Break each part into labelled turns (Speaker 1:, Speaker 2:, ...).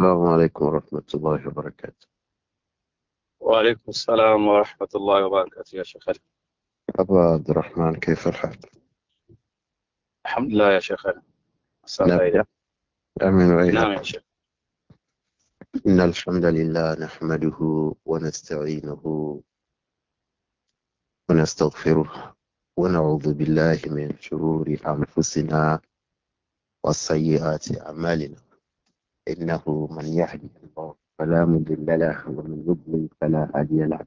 Speaker 1: السلام عليكم ورحمة الله وبركاته وعليكم السلام ورحمة الله وبركاته يا شيخ علي أبا عبد الرحمن كيف الحال؟ الحمد لله يا شيخ علي نعم. آمين نعم يا شيخ إن الحمد لله نحمده ونستعينه ونستغفره ونعوذ بالله من شرور أنفسنا وسيئات أعمالنا إنه من يهدي الله فلا مضل له ومن يضلل فلا هادي له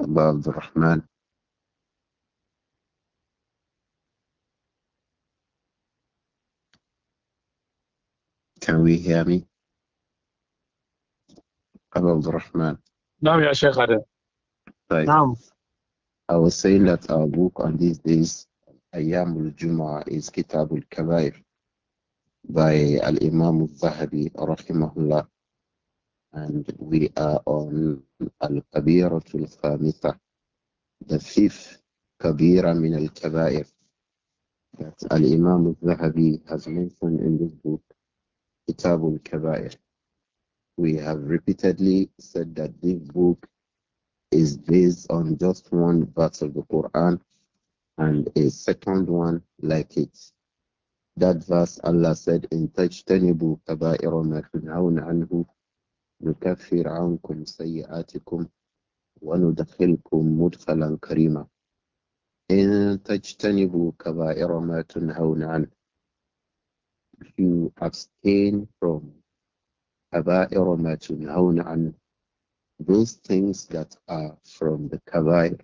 Speaker 1: الله الرحمن الرحمن We hear me? Abdul Rahman. No, yeah, Sheikh Adam. Right. No. I was saying that our book on these days, Ayyamul juma is Kitabul Kabair by Al Imam al Zahabi, Rahimahullah. And we are on Al Kabiratul Khamitha, the fifth Kabira min Al Kabair that Al Imam al Zahabi has mentioned in this book Kitabul Kabair. We have repeatedly said that this book is based on just one verse of the Quran and a second one like it. That verse Allah said in Tajtanibu Kabaira ma tunhaun anhu "Nukafir ankum sayyi'atikum wa nudkhilkum mudkhalan karima. In Tajtanibu Kabaira ma tunhaun anhu you abstain from and those things that are from the kabair,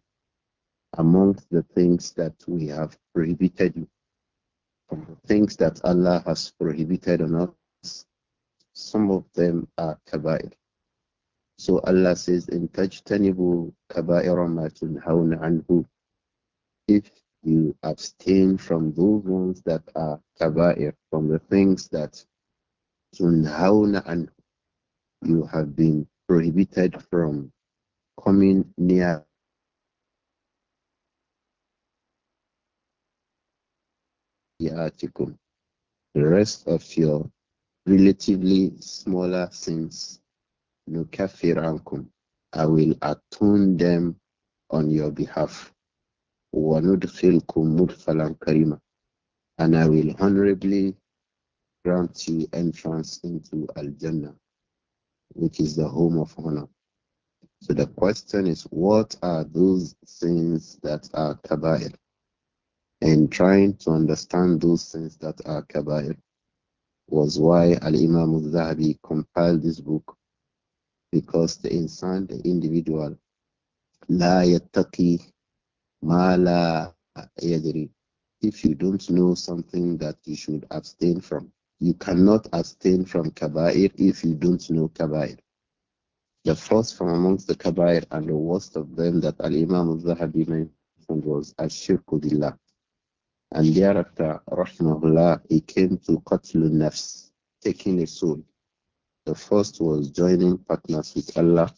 Speaker 1: among the things that we have prohibited you, from the things that Allah has prohibited on us, some of them are kabair. So Allah says, In tajtanibu kabair anhu. If you abstain from those ones that are kaba'ir, from the things that tunhauna and you have been prohibited from coming near the rest of your relatively smaller sins, nukafirankum, I will atone them on your behalf. وَنُدْخِلْكُمْ مُدْخَلًا كَرِيمًا And I will honorably grant you entrance into Al-Jannah, which is the home of honor. So the question is, what are those things that are kaba'ir? And trying to understand those things that are kaba'ir was why Al-Imam al-Zahabi compiled this book because the insan, the individual, la yattaqi Mala yadri. If you don't know something that you should abstain from, you cannot abstain from kaba'ir if you don't know kaba'ir. The first from amongst the kaba'ir and the worst of them that Al Imam al Zahabi mentioned was Ashirku And thereafter, Rahmahullah, he came to Qatlun Nafs, taking a soul. The first was joining partners with Allah,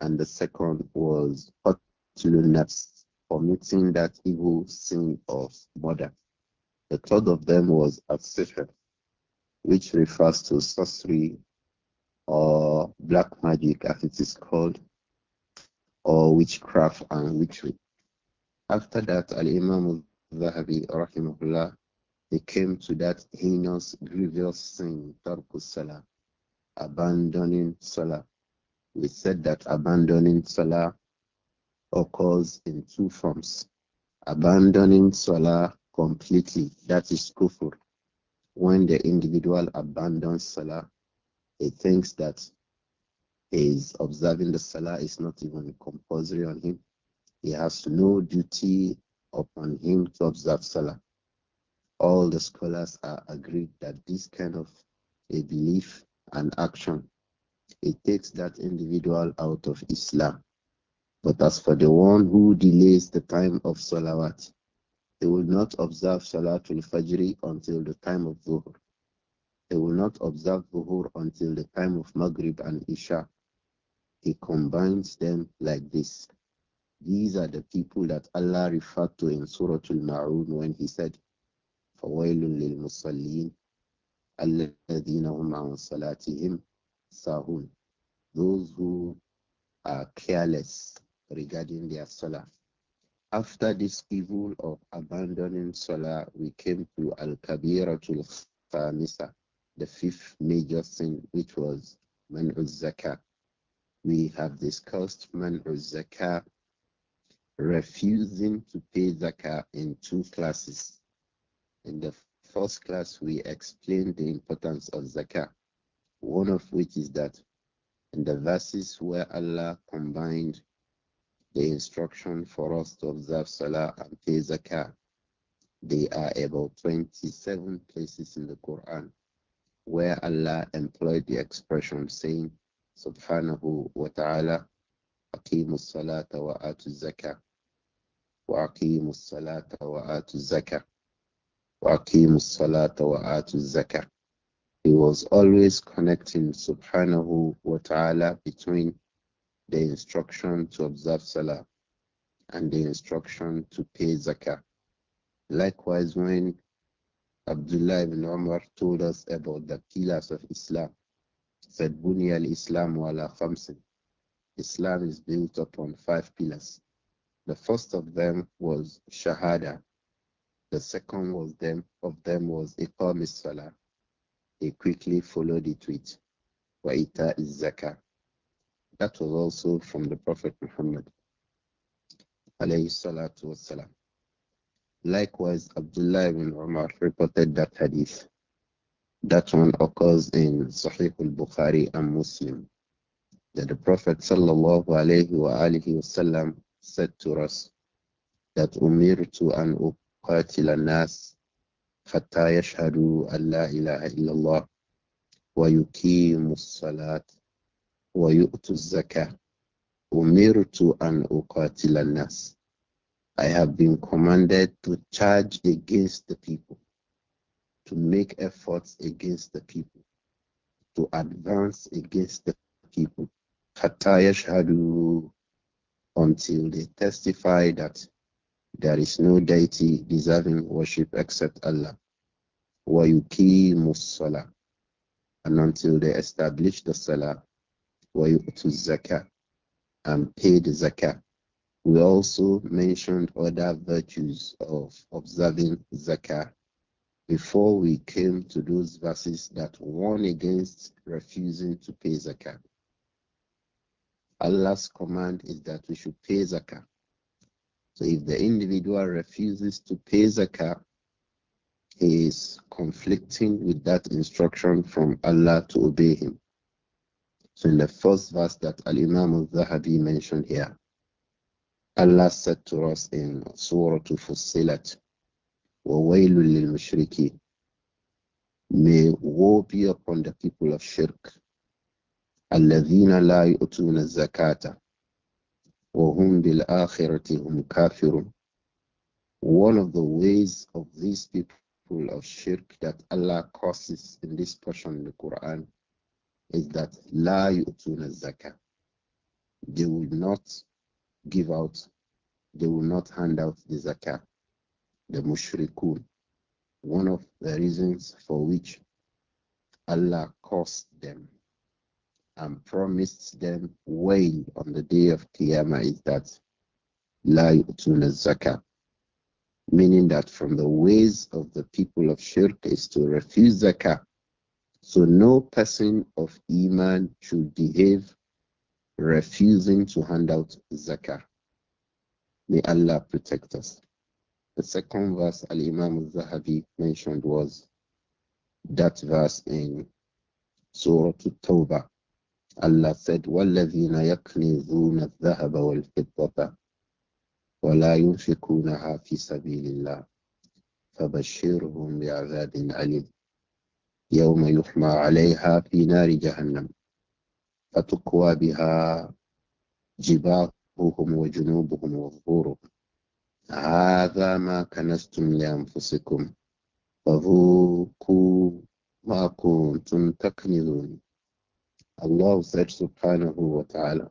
Speaker 1: and the second was Qatlun Nafs, committing that evil sin of murder. The third of them was Absifer, which refers to sorcery or black magic as it is called, or witchcraft and witchery. After that, Al Imam al-Zahabi, rahimahullah, he came to that heinous, grievous sin, Tarkus Salah, abandoning Salah. We said that abandoning Salah occurs in two forms abandoning salah completely, that is kufr. When the individual abandons salah, he thinks that his observing the salah is not even compulsory on him. He has no duty upon him to observe salah. All the scholars are agreed that this kind of a belief and action it takes that individual out of Islam but as for the one who delays the time of salawat, they will not observe Salatul Fajr until the time of Dhuhr. They will not observe Dhuhr until the time of Maghrib and Isha. He combines them like this. These are the people that Allah referred to in Surah Al-Ma'un when he said, فَوَيْلٌ لِلْمُصَلِّينَ الَّذِينَ هُمْ عَنْ صَلَاتِهِمْ sahun." Those who are careless regarding their salah. After this evil of abandoning salah, we came to Al Kabiratul Khamisa, the fifth major sin, which was Man'uz Zakah. We have discussed Man'uz Zakah, refusing to pay Zakah in two classes. In the first class, we explained the importance of Zakah, one of which is that in the verses where Allah combined the instruction for us to observe Salah and pay Zakah. They are about 27 places in the Quran where Allah employed the expression saying, Subhanahu wa ta'ala, Aqimu salata wa atu zakah. Wa aqimu salata wa atu zakah. Wa aqimu salata wa atu zakah. He was always connecting Subhanahu wa ta'ala between the instruction to observe Salah and the instruction to pay Zakah. Likewise, when Abdullah ibn Umar told us about the pillars of Islam, said Buni al-Islam wala khamsin. Islam is built upon five pillars. The first of them was Shahada. The second was them of them was Iqam Salah. He quickly followed it with Wa'ita is Zakah that was also from the Prophet Muhammad. Likewise, Abdullah ibn Umar reported that hadith. That one occurs in Sahih al-Bukhari and Muslim. That the Prophet sallallahu alayhi wasallam said to us that umirtu an uqatila nas حتى Allah أن لا إله إلا الله وَيُؤْتُ الزَّكَاةَ أُمِرْتُ أَنْ أُقَاتِلَ النَّاسِ I have been commanded to charge against the people, to make efforts against the people, to advance against the people. Hatayashhadu until they testify that there is no deity deserving worship except Allah. Wa yuki musalla and until they establish the salah to Zakah and pay the zakah. We also mentioned other virtues of observing zakah before we came to those verses that warn against refusing to pay zakah. Allah's command is that we should pay zakah. So if the individual refuses to pay zakah, he is conflicting with that instruction from Allah to obey him. So in the first verse that Al Imam al Zahabi mentioned here, Allah said to us in Surah Fussilat, وَوَيْلٌ لِلْمُشْرِكِينَ May woe be upon the people of shirk. الَّذِينَ لَا يُؤْتُونَ الزَّكَاةَ وَهُمْ بِالْآخِرَةِ هُمْ كَافِرُونَ One of the ways of these people of shirk that Allah causes in this portion of the Quran is that La yu'tuna zakah. They will not give out, they will not hand out the zakah. The mushrikun. One of the reasons for which Allah cursed them and promised them wail on the day of Qiyamah is that La yu'tuna zakah meaning that from the ways of the people of shirk is to refuse zakah. So no person of Iman should behave refusing to hand out zakah. May Allah protect us. The second verse Al Imam al Zahabi mentioned was that verse in Surah Tawbah. Allah said, وَالَّذِينَ يَكْنِزُونَ الذَّهَبَ وَالْفِضَّةَ وَلَا يُنْفِقُونَهَا فِي سَبِيلِ اللَّهِ فَبَشِّرْهُمْ بِعَذَابٍ أَلِيمٍ يوم يحمى عليها في نار جهنم فتقوى بها جباههم وجنوبهم وظهورهم هذا ما كنستم لأنفسكم فذوقوا ما كنتم تكنزون الله said سبحانه وتعالى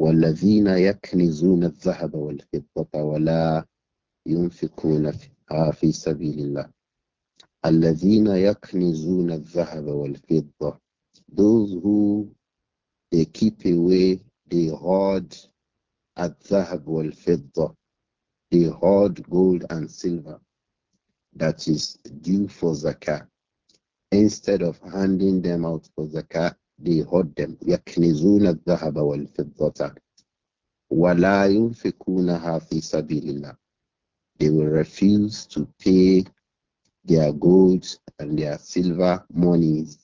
Speaker 1: والذين يكنزون الذهب والفضة ولا ينفقون فيها في سبيل الله الَّذِينَ يَكْنِزُونَ الذَّهَبَ وَالْفِضَّةَ Those who they keep away, they hoard الذهب والفضة they hoard gold and silver that is due for zakah. Instead of handing them out for zakah, they hoard them. يكنزون الذهب والفضة ولا ينفقونها في سبيل الله. They will refuse to pay their gold and their silver monies.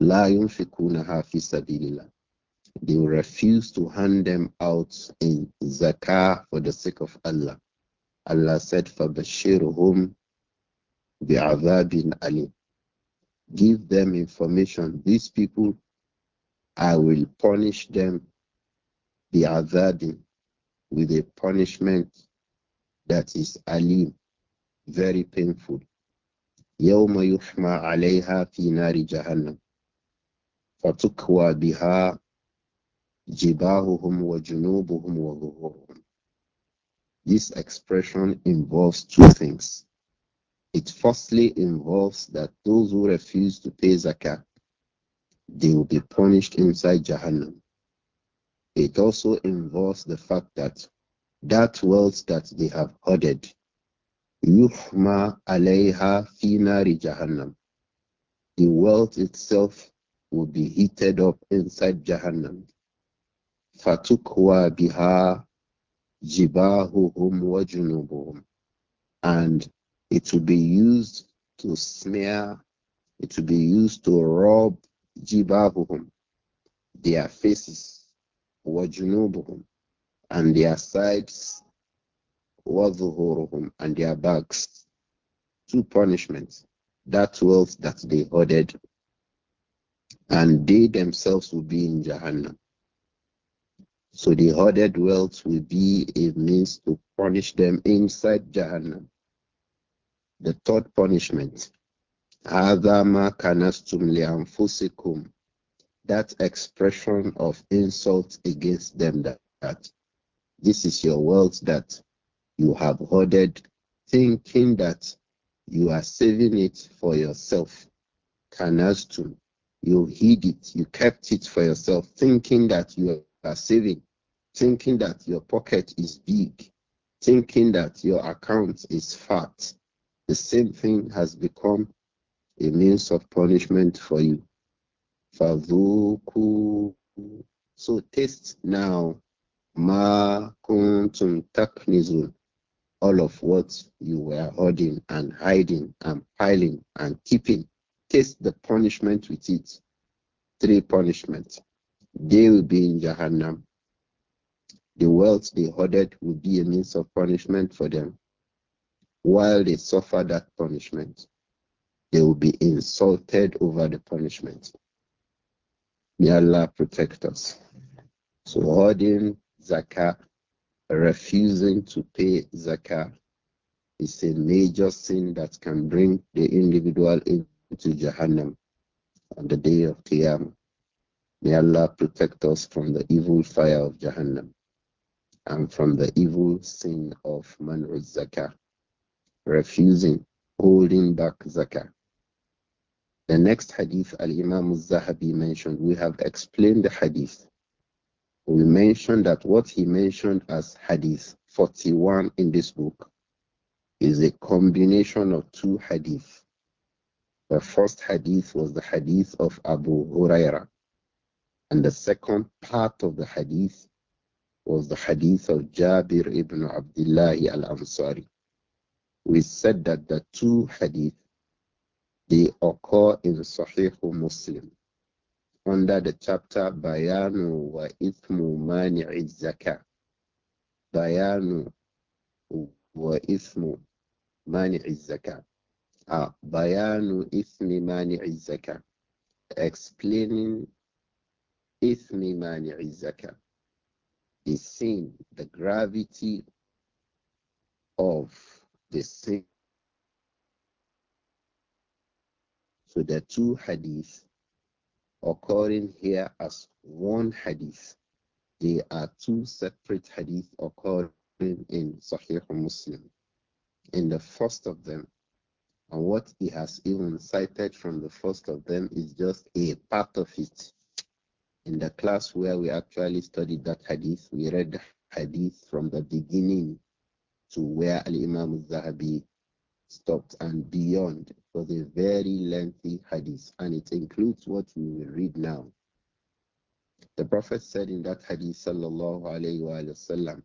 Speaker 1: La yunfikuna fi They will refuse to hand them out in zakah for the sake of Allah. Allah said, فَبَشِّرْهُمْ بِعَذَابٍ ali. Give them information. These people, I will punish them بِعَذَابٍ with a punishment that is alim, very painful. يوم يحمى عليها في نار جهنم فتكوى بها جباههم وجنوبهم وظهورهم This expression involves two things. It firstly involves that those who refuse to pay zakat, they will be punished inside Jahannam. It also involves the fact that that wealth that they have hoarded, yuhma alayha finari jahannam. The wealth itself will be heated up inside Jahannam. Fatukwa biha jibahuhum wa junubuhum. And it will be used to smear, it will be used to rub jibahuhum, their faces, wa junubuhum, and their sides وَظُهُورُهُمْ and their backs. Two punishments. That wealth that they hoarded, and they themselves will be in Jahannam. So the hoarded wealth will be a means to punish them inside Jahannam. The third punishment. That expression of insult against them that, that this is your wealth that you have hoarded, thinking that you are saving it for yourself. Kanastun, you hid it, you kept it for yourself, thinking that you are saving, thinking that your pocket is big, thinking that your account is fat. The same thing has become a means of punishment for you. Fadhuku. So taste now. Ma kuntum taknizun all of what you were hoarding and hiding and piling and keeping. Taste the punishment with it. Three punishments. They will be in Jahannam. The wealth they hoarded will be a means of punishment for them. While they suffer that punishment, they will be insulted over the punishment. May Allah protect us. So hoarding zakah refusing to pay zakah is a major sin that can bring the individual into Jahannam on the day of Qiyamah. May Allah protect us from the evil fire of Jahannam and from the evil sin of Man'ud Zakah, refusing, holding back Zakah. The next hadith Al Imam Zahabi mentioned, we have explained the hadith. We mentioned that what he mentioned as hadith 41 in this book is a combination of two hadith. The first hadith was the hadith of Abu Huraira, and the second part of the hadith was the hadith of Jabir ibn Abdullah al Ansari. We said that the two hadith they occur in Sahih Muslim under the chapter Bayanu wa Ithmu Mani'i zaka. Bayanu wa Ithmu Mani'i Zakah. Ah, bayanu Ithmi Mani'i zaka. Explaining Ithmi Mani'i zaka. The sin, the gravity of the sin. So the two hadiths occurring here as one hadith. They are two separate hadith occurring in Sahih Muslim. In the first of them, and what he has even cited from the first of them is just a part of it. In the class where we actually studied that hadith, we read hadith from the beginning to where Al Imam Zahabi stopped and beyond for the very lengthy hadith, and it includes what we will read now. The Prophet said in that hadith, sallallahu alayhi wa sallam,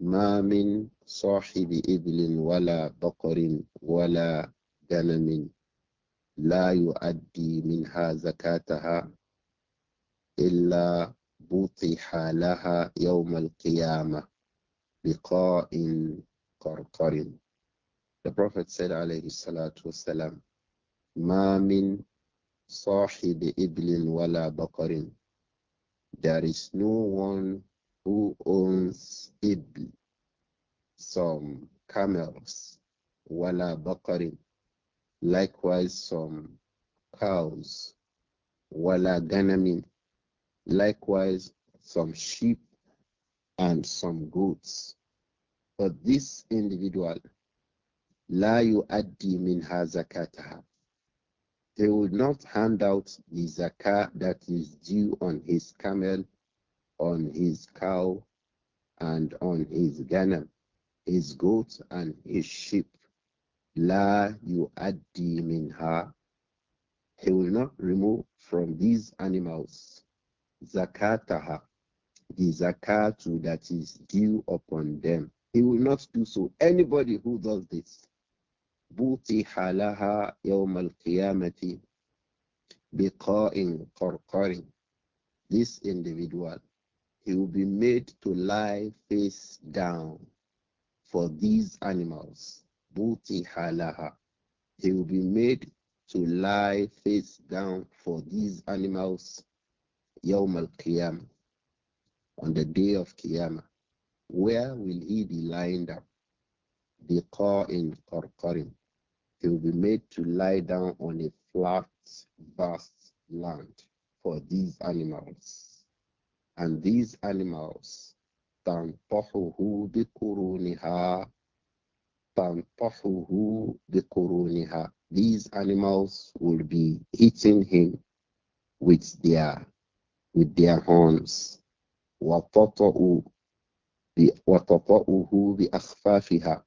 Speaker 1: ما من صاحب إبل ولا بقر ولا غنم لا يؤدي منها زكاتها إلا بطح لها يوم القيامة بقاء قرقر the Prophet said, alayhi salatu wasalam, Ma min sahibi iblin wala bakarin. There is no one who owns ibl, some camels, wala bakarin. Likewise, some cows, wala ganamin. Likewise, some sheep and some goats. But this individual, La yu'addi minha zakataha. He will not hand out the zakah that is due on his camel, on his cow, and on his ghanam, his goat and his sheep. La yu'addi minha. He will not remove from these animals zakataha, the zakatu that is due upon them. He will not do so. Anybody who does this, بوطح لها يوم القيامة بقاء قرقر This individual, he will be made to lie face down for these animals. بوطح لها He will be made to lie face down for these animals Yawm al on the day of Qiyamah.
Speaker 2: Where will
Speaker 1: he be lined up? Biqa in Qarqarin he will be made to lie down on a flat, vast land for these animals. And these animals, تنطحه بقرونها تنطحه بقرونها These animals will be hitting him with their with their horns. وتطأه وتطأه بأخفافها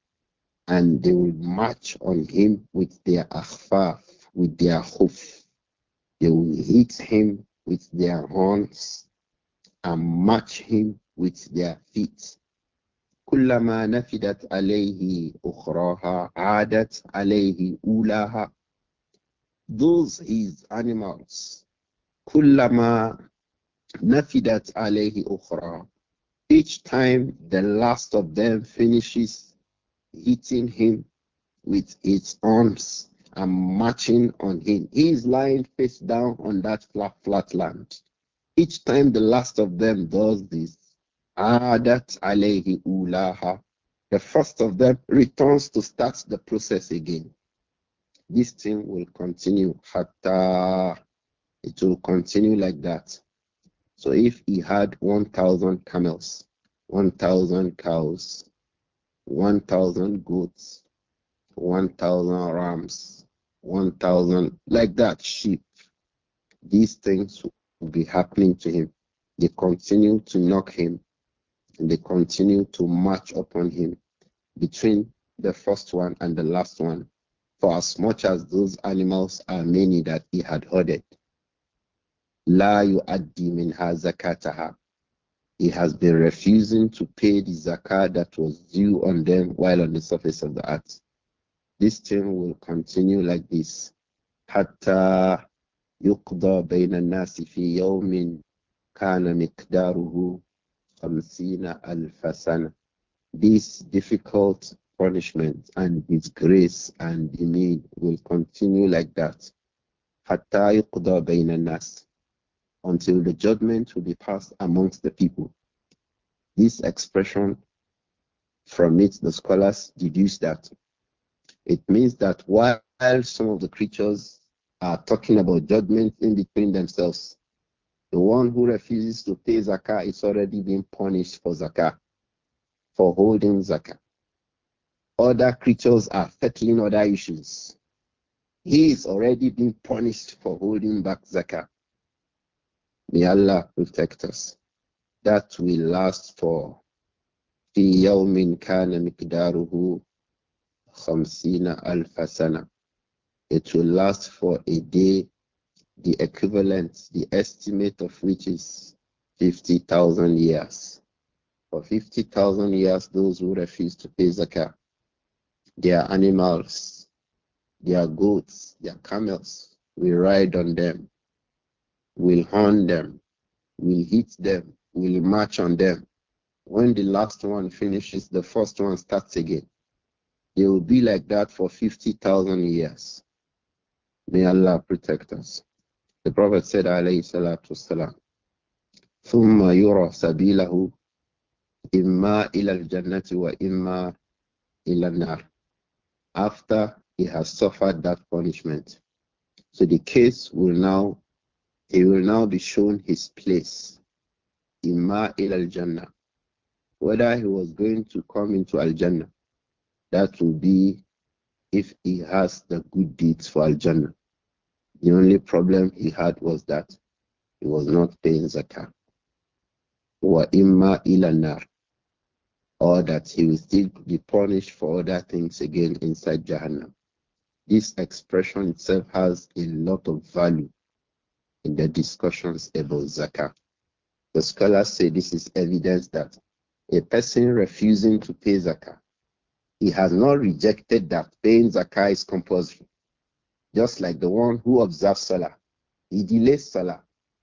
Speaker 1: and they will march on him with their akhfaf, with their hoof. They will hit him with their horns and march him with their feet. كلما نفدت عليه أخراها عادت عليه أولاها Those his animals كلما نفدت عليه أخرى Each time the last of them finishes eating him with its arms and marching on him. He is lying face down on that flat, flat land. Each time the last of them does this, ah, that alayhi ulaha, the first of them returns to start the process again. This thing will continue. Hatta, it will continue like that. So if he had 1,000 camels, 1,000 cows, 1,000 goats, 1,000 rams, 1,000, like that, sheep. These things will be happening to him. They continue to knock him, they continue to march upon him between the first one and the last one, for as much as those animals are many that he had hoarded. La yu'addi minha zakataha he has been refusing to pay the zakah that was due on them while on the surface of the earth. This thing will continue like this. حتى يقضى بين الناس في يوم كان مقداره This difficult punishment and disgrace and the need will continue like that. حتى يقضى بين الناس until the judgment will be passed amongst the people. This expression, from it, the scholars deduce that it means that while some of the creatures are talking about judgment in between themselves, the one who refuses to pay zakah is already being punished for zakah, for holding zakah. Other creatures are settling other issues. He is already being punished for holding back zakah. May Allah protect us. That will last for fi يوم kana مقداره خمسين ألف سنة. It will last for a day, the equivalent, the estimate of which is 50,000 years. For 50,000 years, those who refuse to pay zakah, their animals, their goats, their camels, we ride on them will hunt them, will hit them, will march on them. When the last one finishes, the first one starts again. They will be like that for 50,000 years. May Allah protect us. The Prophet said, alayhi salatu wasalam, ثم يرى سبيله إما إلى الجنة وإما إلى nar After he has suffered that punishment. So the case will now he will now be shown his place. in Ma il al Jannah. Whether he was going to come into Al Jannah, that will be if he has the good deeds for Al Jannah. The only problem he had was that he was not paying zakah. Wa imma or that he will still be punished for other things again inside Jahannam. This expression itself has a lot of value in the discussions about zakah. The scholars say this is evidence that a person refusing to pay zakah, he has not rejected that paying zakah is compulsory. Just like the one who observes salah, he delays salah.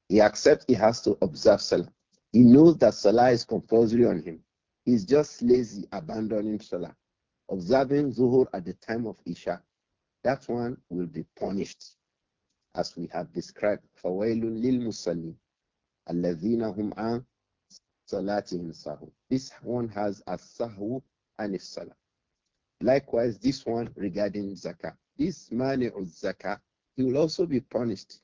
Speaker 1: He accepts he has to observe salah. He knows that salah is compulsory on him. He's just lazy, abandoning salah. Observing zuhur at the time of isha, that one will be punished as we have described. فَوَيْلٌ لِلْمُصَلِّينَ الَّذِينَ هُمْ عَنْ صَلَاتِهِمْ This one has a sahu and a salah. Likewise, this one regarding zakah. This man of zakah, he will also be punished.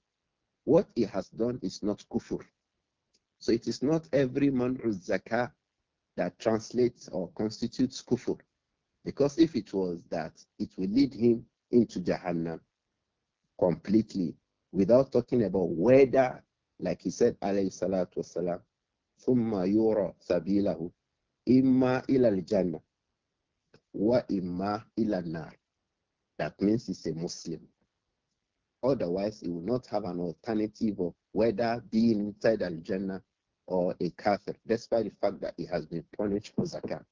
Speaker 1: What he has done is not kufur. So it is not every man of zakah that translates or constitutes kufur. Because if it was that, it will lead him into Jahannam completely without talking about whether, like he said, alayhi salatu wasalam, thumma yura sabilahu imma ila al wa imma ila nar. That means he's a Muslim. Otherwise, he will not have an alternative of whether being inside al or a kafir, despite the fact that he has been punished for zakat.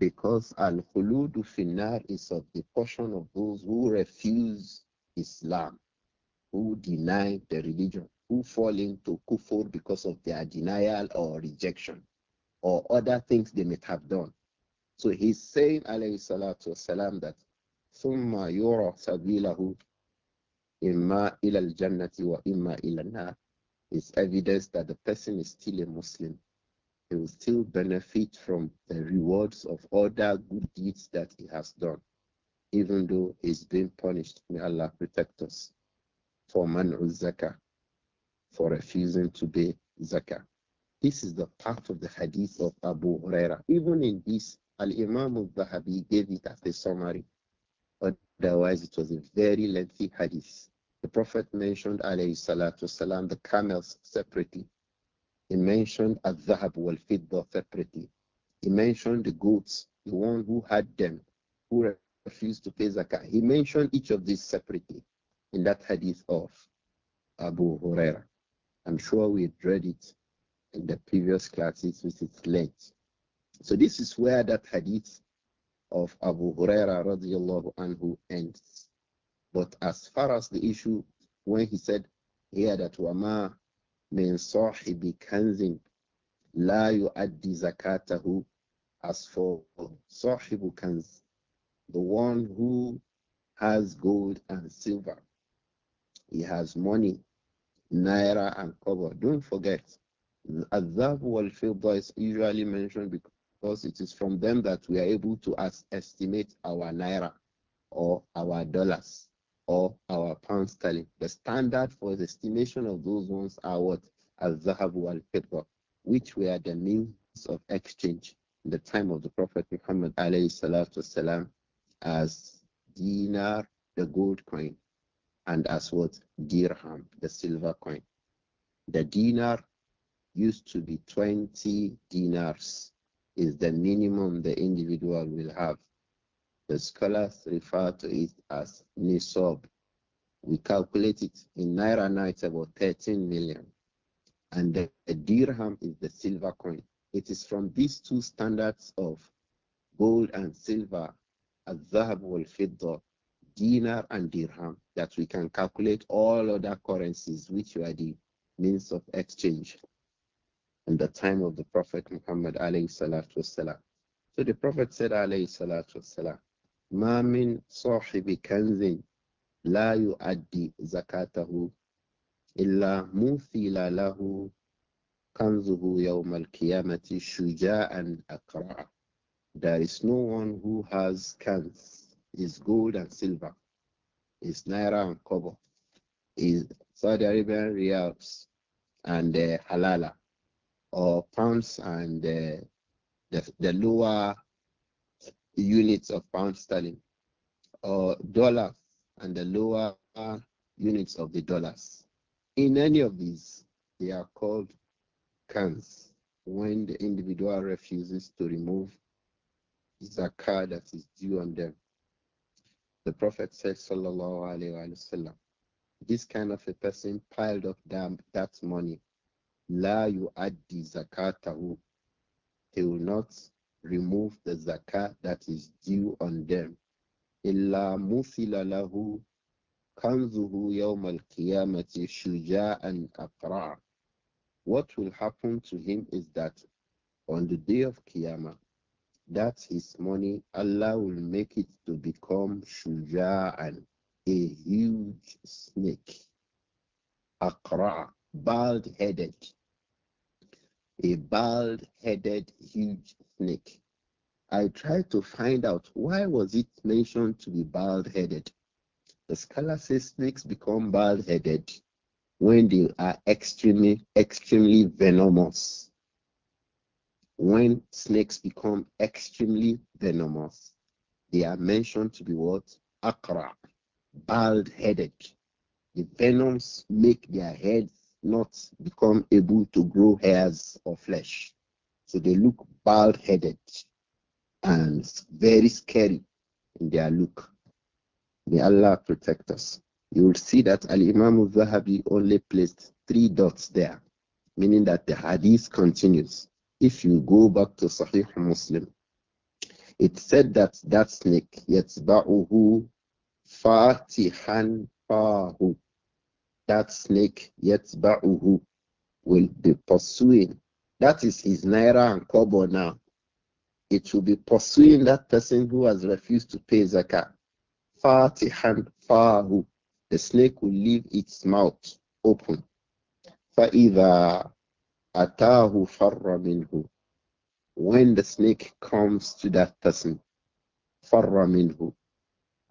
Speaker 1: Because al-khuludu finnar is of the portion of those who refuse Islam, who deny the religion, who fall into kufur because of their denial or rejection or other things they might have done. So he's saying, alayhi salatu wasalam, that ثُمَّ يُرَى سَبِيلَهُ إِمَّا إِلَى الْجَنَّةِ وَإِمَّا إِلَى النَّارِ is evidence that the person is still a Muslim. He will still benefit from the rewards of other good deeds that he has done even though he's being punished. May Allah protect us for man'u zakah, for refusing to pay zakah. This is the part of the hadith of Abu Huraira. Even in this, Al-Imam al-Zahabi gave it as a summary. Otherwise, it was a very lengthy hadith. The Prophet mentioned alayhi salatu salam the camels separately. He mentioned al-Zahab wal-Fidda separately. He mentioned the goats, the one who had them, who refused to pay zakah. He mentioned each of these separately in that hadith of Abu Huraira. I'm sure we read it in the previous classes with its length. So this is where that hadith of Abu Huraira radiallahu anhu ends. But as far as the issue when he said here that wama min sahibi kanzin la yu'addi zakatahu as for sahibu kanz the one who has gold and silver. He has money, naira and kobo. Don't forget, Azab wal fidda is usually mentioned because it is from them that we are able to estimate our naira or our dollars or our pound sterling. The standard for the estimation of those ones are what? Azab wal fidda, which were the means of exchange in the time of the Prophet Muhammad alayhi salatu wasalam as dinar, the gold coin, and as what? Dirham, the silver coin. The dinar used to be 20 dinars, is the minimum the individual will have. The scholars refer to it as nisab. We calculate it in naira now, it's about 13 million. And the, the dirham is the silver coin. It is from these two standards of gold and silver al-dhahab wal the dinar and dirham, that we can calculate all other currencies which were the means of exchange in the time of the Prophet Muhammad alayhi salatu wasalam. So the Prophet said alayhi salatu wasalam, ما من صاحب كنز لا يؤدي زكاته إلا مثل له كنزه يوم القيامة شجاعا أقرأ there is no one who has cans, is gold and silver, is naira and kobo, is Saudi Arabian riyals and uh, halala, or pounds and uh, the, the lower units of pound sterling, or dollar and the lower units of the dollars. In any of these, they are called cans when the individual refuses to remove zakah that is due on them. The Prophet said, Sallallahu Alaihi Wasallam, this kind of a person piled up that, that money. La you add the zakatahu. He will not remove the zakat that is due on them. Illa musila lahu kanzuhu yawm al-qiyamati shuja'an aqra'a. What will happen to him is that on the day of Qiyamah, that's his money. Allah will make it to become shuja and a huge snake. Akra, bald headed. A bald headed huge snake. I tried to find out why was it mentioned to be bald headed. The scholar says snakes become bald headed when they are extremely, extremely venomous when snakes become extremely venomous, they are mentioned to be what? Akra, bald headed. The venoms make their heads not become able to grow hairs or flesh. So they look bald headed and very scary in their look. May Allah protect us. You will see that Al Imam al Zahabi only placed three dots there, meaning that the hadith continues. If you go back to Sahih Muslim, it said that that snake, yatba'uhu fatihan fahu. That snake, yatba'uhu, will be pursuing. That is his naira and kobo now. It will be pursuing that person who has refused to pay zakat. Fatihan fahu. The snake will leave its mouth open. فَإِذَا Atahu farra minhu. When the snake comes to that person, farra minhu.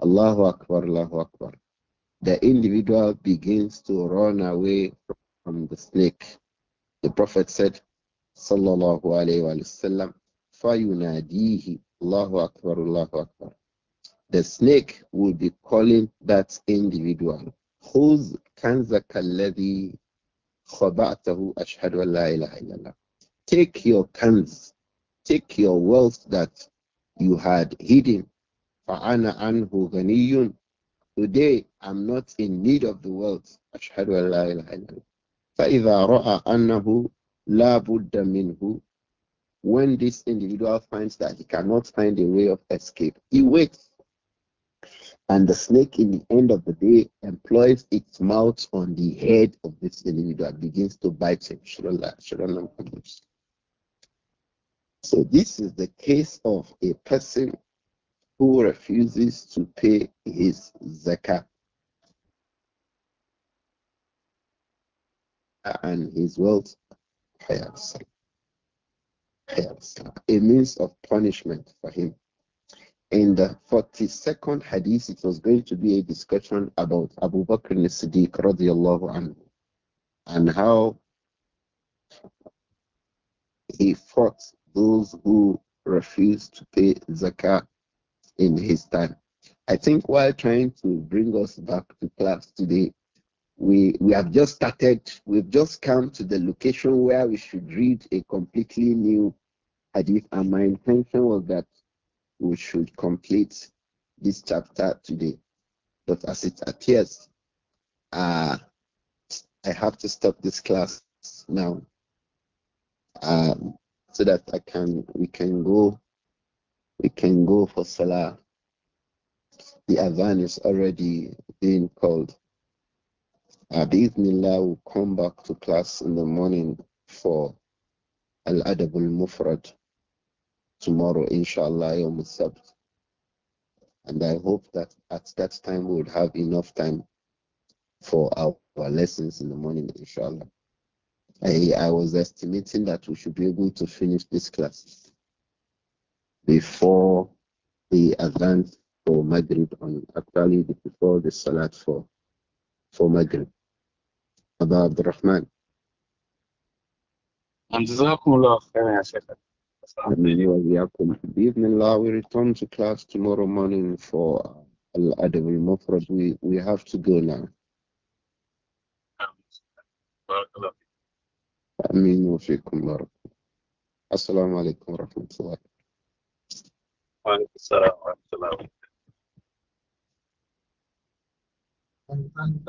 Speaker 1: Allahu Akbar, Allahu Akbar. The individual begins to run away from the snake. The Prophet said, Sallallahu alayhi wa sallam." Fayunadihi, Allahu Akbar, Allahu Akbar. The snake will be calling that individual. Who's Kanzaka Ladi Take your kanz, take your wealth that you had hidden. فَأَنَا أَنْهُ غَنِيٌّ Today, I'm not in need of the wealth. أَشْهَدُ أَنْ لَا إِلَهَ إِلَّا اللَّهُ فَإِذَا رَأَى أَنَّهُ لَا بُدَّ مِنْهُ When this individual finds that he cannot find a way of escape, he waits and the snake, in the end of the day, employs its mouth on the head of this individual, begins to bite him. So, this is the case of a person who refuses to pay his zakat. And his wealth, a means of punishment for him. In the 42nd hadith, it was going to be a discussion about Abu Bakr al-Siddiq radiallahu anhu and how he fought those who refused to pay zakat in his time. I think while trying to bring us back to class today, we we have just started. We've just come to the location where we should read a completely new hadith, and my intention was that we should complete this chapter today. But as it appears, uh, I have to stop this class now um, so that I can we can go we can go for Salah. The Avan is already being called. Uh, Bismillah will come back to class in the morning for Al Adabul Mufrad tomorrow, inshallah, the Sabt. And I hope that at that time we would have enough time for our, our lessons in the morning, inshallah. I, I was estimating that we should be able to finish this class before the advance for Maghrib on actually before the Salat for for Maghrib. Abu Abdurrahman. And الله خيرا يا شيخ and we return to class tomorrow morning for uh, Al-Adab We, we have to go now. آمين وفيكم بارك السلام عليكم